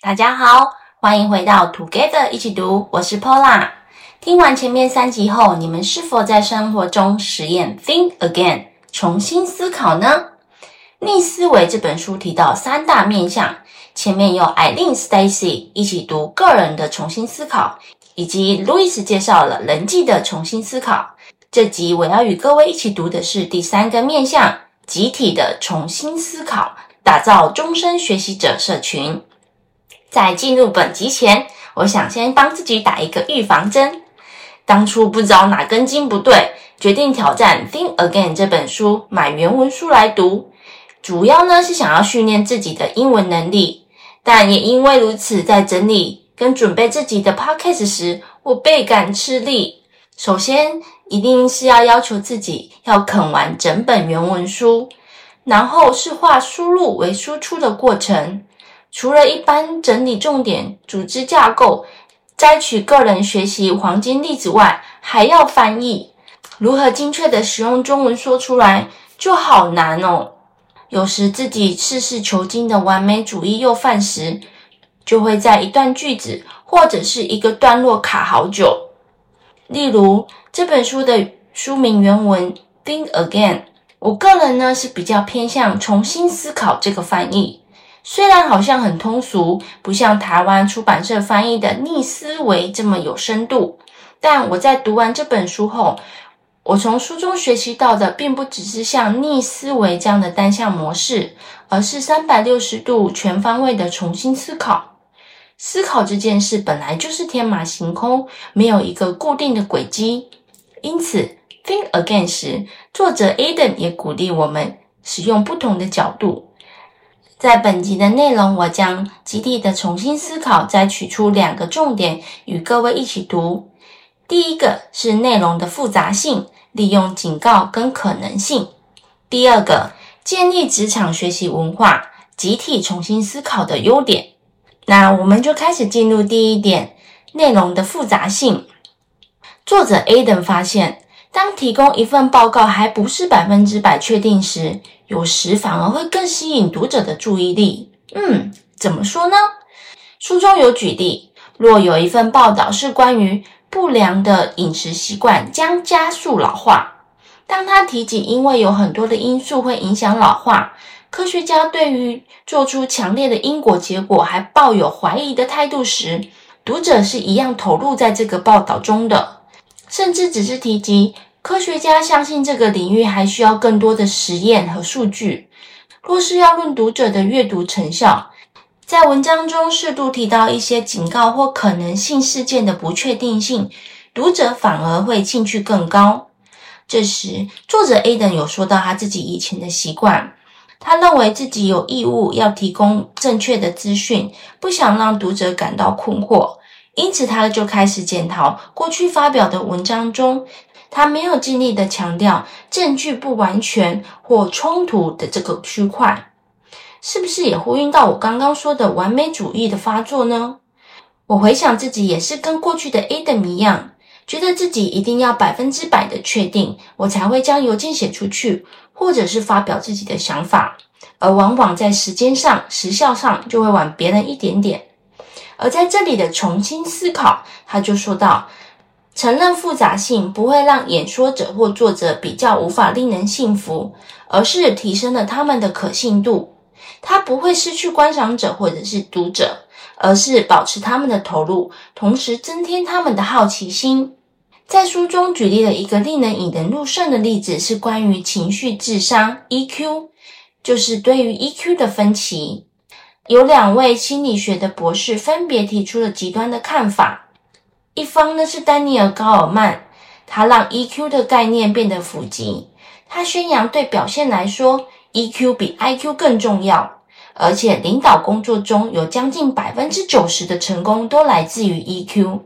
大家好，歡迎回到 Together 一起讀。我是 Paula。聽完前面三集後，你們是否在生活中實驗 Think Again 重新思考呢？逆思維這本書提到三大面向。前面有 Aileen、Stacy 一起讀個人的重新思考，以及 Lewis 介紹了人際的重新思考。這集我要與各位一起讀的是第三個面向：集體的重新思考，打造終身學習者社群。在進入本集前，我想先幫自己打一個預防針。當初不知道哪根筋不對，決定挑戰《Think Again》這本書，買原文書來讀。主要呢是想要訓練自己的英文能力，但也因為如此，在整理跟準備自己的 podcast 時，我倍感吃力。首先，一定是要要求自己要啃完整本原文書，然後是化輸入為輸出的過程。除了一般整理重點、組織架構、摘取個人學習黃金例子外，還要翻譯，如何精確地使用中文說出來就好難哦。有時自己事事求精的完美主義又犯時，就會在一段句子或者是一個段落卡好久。例如這本書的書名原文 “Think Again”，我個人呢是比較偏向“重新思考”這個翻譯。雖然好像很通俗，不像台灣出版社翻譯的《逆思維》這麼有深度，但我在讀完這本書後，我從書中學習到的並不只是像逆思維這樣的單向模式，而是三百六十度全方位的重新思考。思考這件事本來就是天馬行空，沒有一個固定的軌跡，因此 Think Again 時，作者 Adam 也鼓勵我們使用不同的角度。在本集的內容，我將集體的重新思考再取出兩個重點與各位一起讀。第一個是內容的複雜性，利用警告跟可能性；第二個，建立職場學習文化，集體重新思考的優點。那我們就開始進入第一點，內容的複雜性。作者亞當發現，當提供一份報告還不是百分之百確定時，有時反而會更吸引讀者的注意力。嗯，怎麼說呢？書中有舉例，若有一份報道是關於不良的飲食習慣將加速老化，當他提及因為有很多的因素會影響老化，科學家對於做出強烈的因果結果還抱有懷疑的態度時，讀者是一樣投入在這個報道中的。甚至只是提及，科學家相信這個領域還需要更多的實驗和數據。若是要論讀者的閱讀成效，在文章中適度提到一些警告或可能性事件的不確定性，讀者反而會興趣更高。這時，作者亞當有說到他自己以前的習慣，他認為自己有義務要提供正確的資訊，不想讓讀者感到困惑。因此，他就開始檢討過去發表的文章中，他沒有盡力的強調證據不完全或衝突的這個區塊，是不是也呼應到我剛剛說的完美主義的發作呢？我回想自己也是跟過去的 Adam 一樣，覺得自己一定要百分之百的確定，我才會將郵件寫出去，或者是發表自己的想法，而往往在時間上、時效上，就會晚別人一點點。而在這裡的重新思考，他就說道：承認複雜性不會讓演說者或作者比較無法令人信服，而是提升了他們的可信度。他不會失去觀賞者或者是讀者，而是保持他們的投入，同時增添他們的好奇心。在書中舉例了一個令人引人入勝的例子，是關於情緒智商 （EQ），就是對於 EQ 的分歧。有兩位心理學的博士分別提出了極端的看法，一方呢是丹尼爾·高爾曼，他讓 EQ 的概念變得普及；他宣揚對表現來說，EQ 比 IQ 更重要，而且領導工作中有將近百分之九十的成功都來自於 EQ。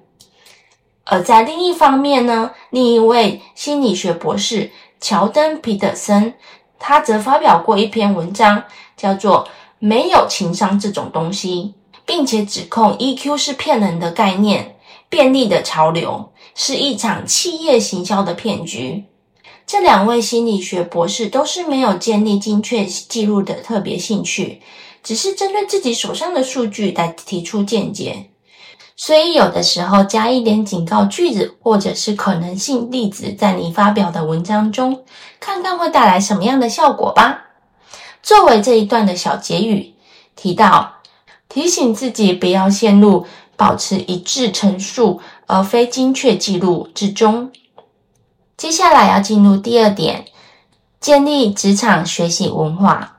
而在另一方面呢，另一位心理學博士喬登·皮特森，他則發表過一篇文章，叫做。沒有情商這種東西，並且指控 EQ 是騙人的概念，便利的潮流是一場企業行銷的騙局。這兩位心理學博士都是沒有建立精確記錄的特別興趣，只是針對自己手上的數據來提出見解。所以有的時候加一點警告句子，或者是可能性例子，在你發表的文章中，看看會帶來什麼樣的效果吧。作為這一段的小結語，提到提醒自己不要陷入保持一致陳述而非精確記錄之中。接下來要進入第二點，建立職場學習文化。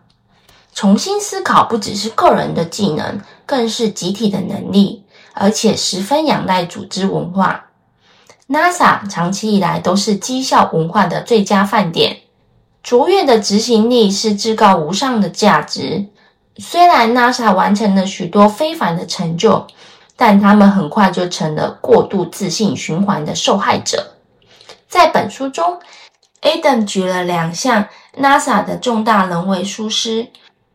重新思考不只是個人的技能，更是集體的能力，而且十分仰賴組織文化。NASA 長期以來都是績效文化的最佳典範。卓越的執行力是至高無上的價值。雖然 NASA 完成了許多非凡的成就，但他們很快就成了過度自信循環的受害者。在本書中，Adam 舉了兩項 NASA 的重大人為疏失，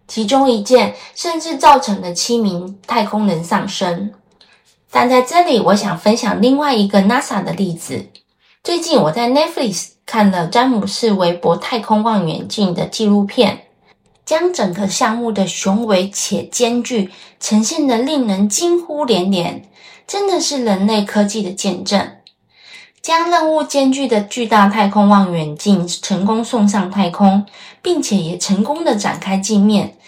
其中一件甚至造成了七名太空人喪生。但在這裡，我想分享另外一個 NASA 的例子。最近我在 Netflix，看了詹姆斯·韋伯太空望遠鏡的紀錄片，將整個項目的雄偉且艱鉅呈現得令人驚呼連連，真的是人類科技的見證。將任務艱鉅的巨大太空望遠鏡成功送上太空，並且也成功的展開鏡面，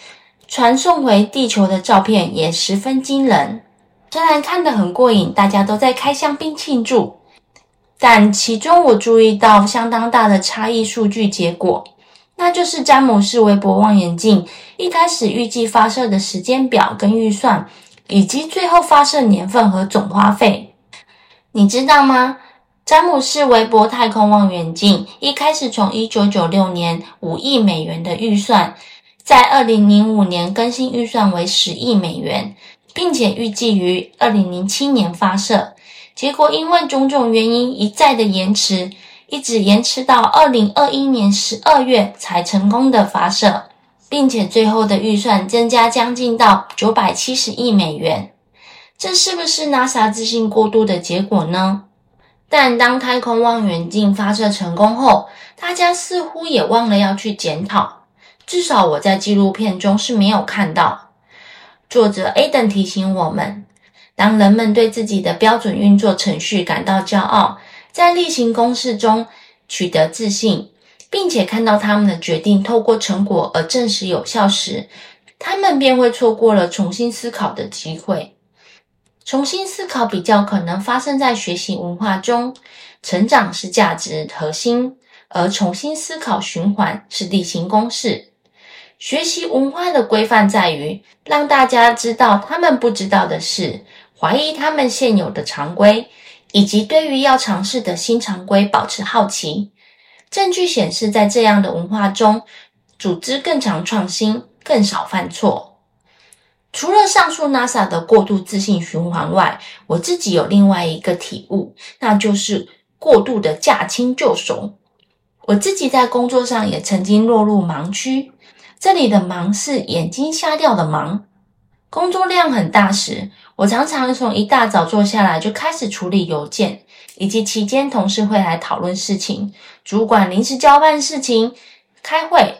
傳送回地球的照片也十分驚人。雖然看得很過癮，大家都在開箱並慶祝。但其中我注意到相當大的差異數據結果，那就是詹姆斯·韋伯望遠鏡一開始預計發射的時間表跟預算，以及最後發射年份和總花費。你知道嗎？詹姆斯·韋伯太空望遠鏡一開始從1996年5億美元的預算，在2005年更新預算為10億美元，並且預計於2007年發射。結果因為種種原因一再的延遲，一直延遲到二零二一年十二月才成功的發射，並且最後的預算增加將近到九百七十億美元，這是不是 NASA 自信過度的結果呢？但當太空望遠鏡發射成功後，大家似乎也忘了要去檢討，至少我在紀錄片中是沒有看到。作者 Adam 提醒我們。當人們對自己的標準運作程序感到驕傲，在例行公事中取得自信，並且看到他們的決定透過成果而證實有效時，他們便會錯過了重新思考的機會。重新思考比較可能發生在學習文化中，成長是價值核心，而重新思考循環是例行公事。學習文化的規範在於讓大家知道他們不知道的事。懷疑他們現有的常規，以及對於要嘗試的新常規保持好奇。證據顯示，在這樣的文化中，組織更常創新，更少犯錯。除了上述 NASA 的過度自信循環外，我自己有另外一個體悟，那就是過度的駕輕就熟。我自己在工作上也曾經落入盲區，這裡的盲是眼睛瞎掉的盲，工作量很大時。我常常從一大早坐下來就開始處理郵件，以及期間同事會來討論事情，主管臨時交辦事情，開會。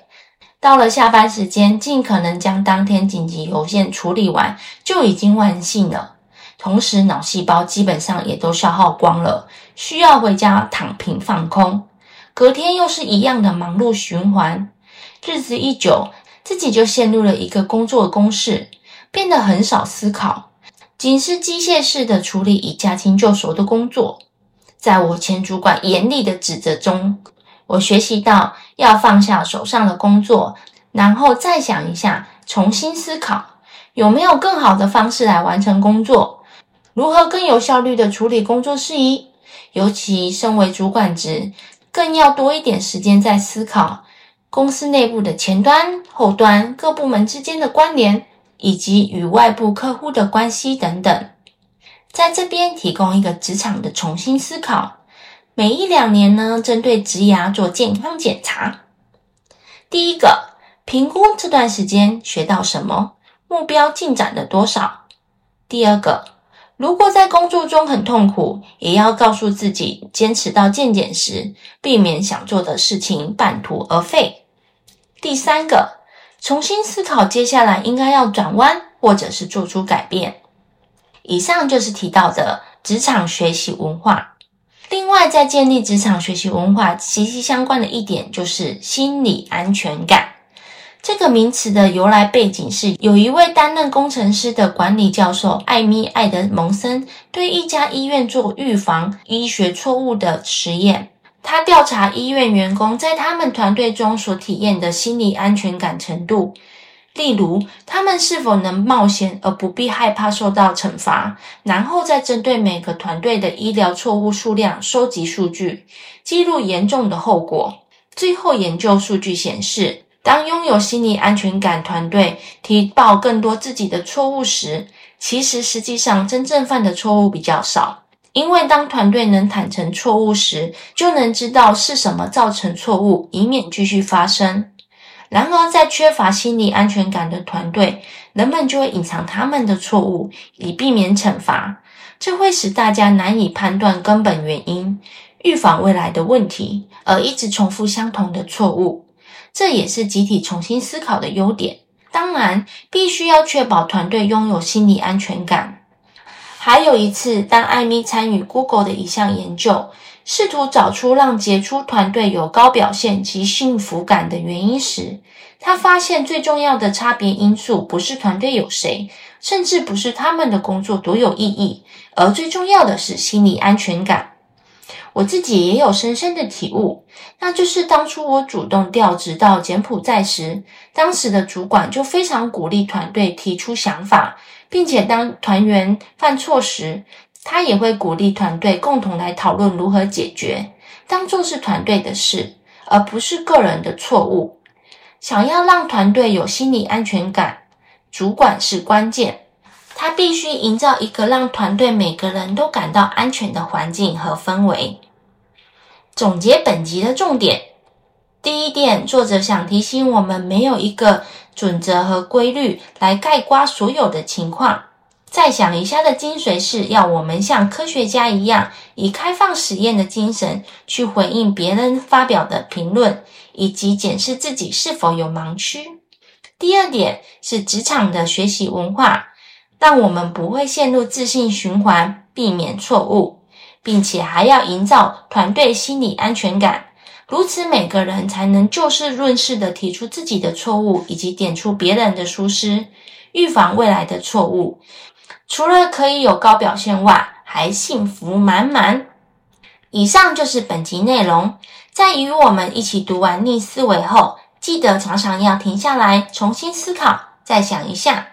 到了下班時間，盡可能將當天緊急郵件處理完，就已經萬幸了。同時，腦細胞基本上也都消耗光了，需要回家躺平放空。隔天又是一樣的忙碌循環，日子一久，自己就陷入了一個工作公式，變得很少思考。僅是機械式的處理已駕輕就熟的工作，在我前主管嚴厲的指責中，我學習到要放下手上的工作，然後再想一下，重新思考有沒有更好的方式來完成工作，如何更有效率的處理工作事宜。尤其身為主管職，更要多一點時間在思考公司內部的前端、後端各部門之間的關聯。以及與外部客戶的關係等等，在這邊提供一個職場的重新思考。每一兩年呢，針對職涯做健康檢查。第一個，評估這段時間學到什麼，目標進展了多少。第二個，如果在工作中很痛苦，也要告訴自己堅持到健檢時，避免想做的事情半途而廢。第三個。重新思考接下來應該要轉彎，或者是做出改變。以上就是提到的職場學習文化。另外，在建立職場學習文化息息相關的一點就是心理安全感。這個名詞的由來背景是，有一位擔任工程師的管理教授艾米·艾德蒙森，對一家醫院做預防醫學錯誤的實驗。他調查醫院員工在他們團隊中所體驗的心理安全感程度，例如他們是否能冒險而不必害怕受到懲罰，然後再針對每個團隊的醫療錯誤數量收集數據，記錄嚴重的後果。最後，研究數據顯示，當擁有心理安全感團隊提報更多自己的錯誤時，其實實際上真正犯的錯誤比較少。因為當團隊能坦誠錯誤時，就能知道是什麼造成錯誤，以免繼續發生。然而，在缺乏心理安全感的團隊，人們就會隱藏他們的錯誤，以避免懲罰。這會使大家難以判斷根本原因，預防未來的問題，而一直重複相同的錯誤。這也是集體重新思考的優點。當然，必須要確保團隊擁有心理安全感。還有一次，當艾米參與 Google 的一項研究，試圖找出讓傑出團隊有高表現及幸福感的原因時，她發現最重要的差別因素不是團隊有誰，甚至不是他們的工作多有意義，而最重要的是心理安全感。我自己也有深深的體悟，那就是當初我主動調職到柬埔寨時，當時的主管就非常鼓勵團隊提出想法，並且當團員犯錯時，他也會鼓勵團隊共同來討論如何解決，當做是團隊的事，而不是個人的錯誤。想要讓團隊有心理安全感，主管是關鍵。他必須營造一個讓團隊每個人都感到安全的環境和氛圍。總結本集的重點：第一點，作者想提醒我們，沒有一個準則和規律來概括所有的情況。再想一下的精髓是要我們像科學家一樣，以開放實驗的精神去回應別人發表的評論，以及檢視自己是否有盲區。第二點是職場的學習文化。但我們不會陷入自信循環，避免錯誤，並且還要營造團隊心理安全感。如此，每個人才能就事論事地提出自己的錯誤，以及點出別人的疏失，預防未來的錯誤。除了可以有高表現外，還幸福滿滿。以上就是本集內容。在與我們一起讀完逆思維後，記得常常要停下來，重新思考，再想一下。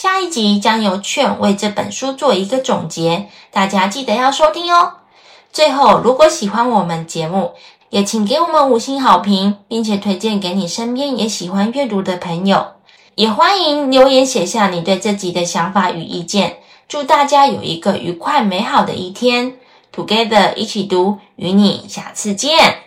下一集將由 Chen 為這本書做一個總結，大家記得要收聽哦。最後，如果喜歡我們節目，也請給我們五星好評，並且推薦給你身邊也喜歡閱讀的朋友。也歡迎留言寫下你對這集的想法與意見。祝大家有一個愉快美好的一天！Together 一起讀，與你下次見。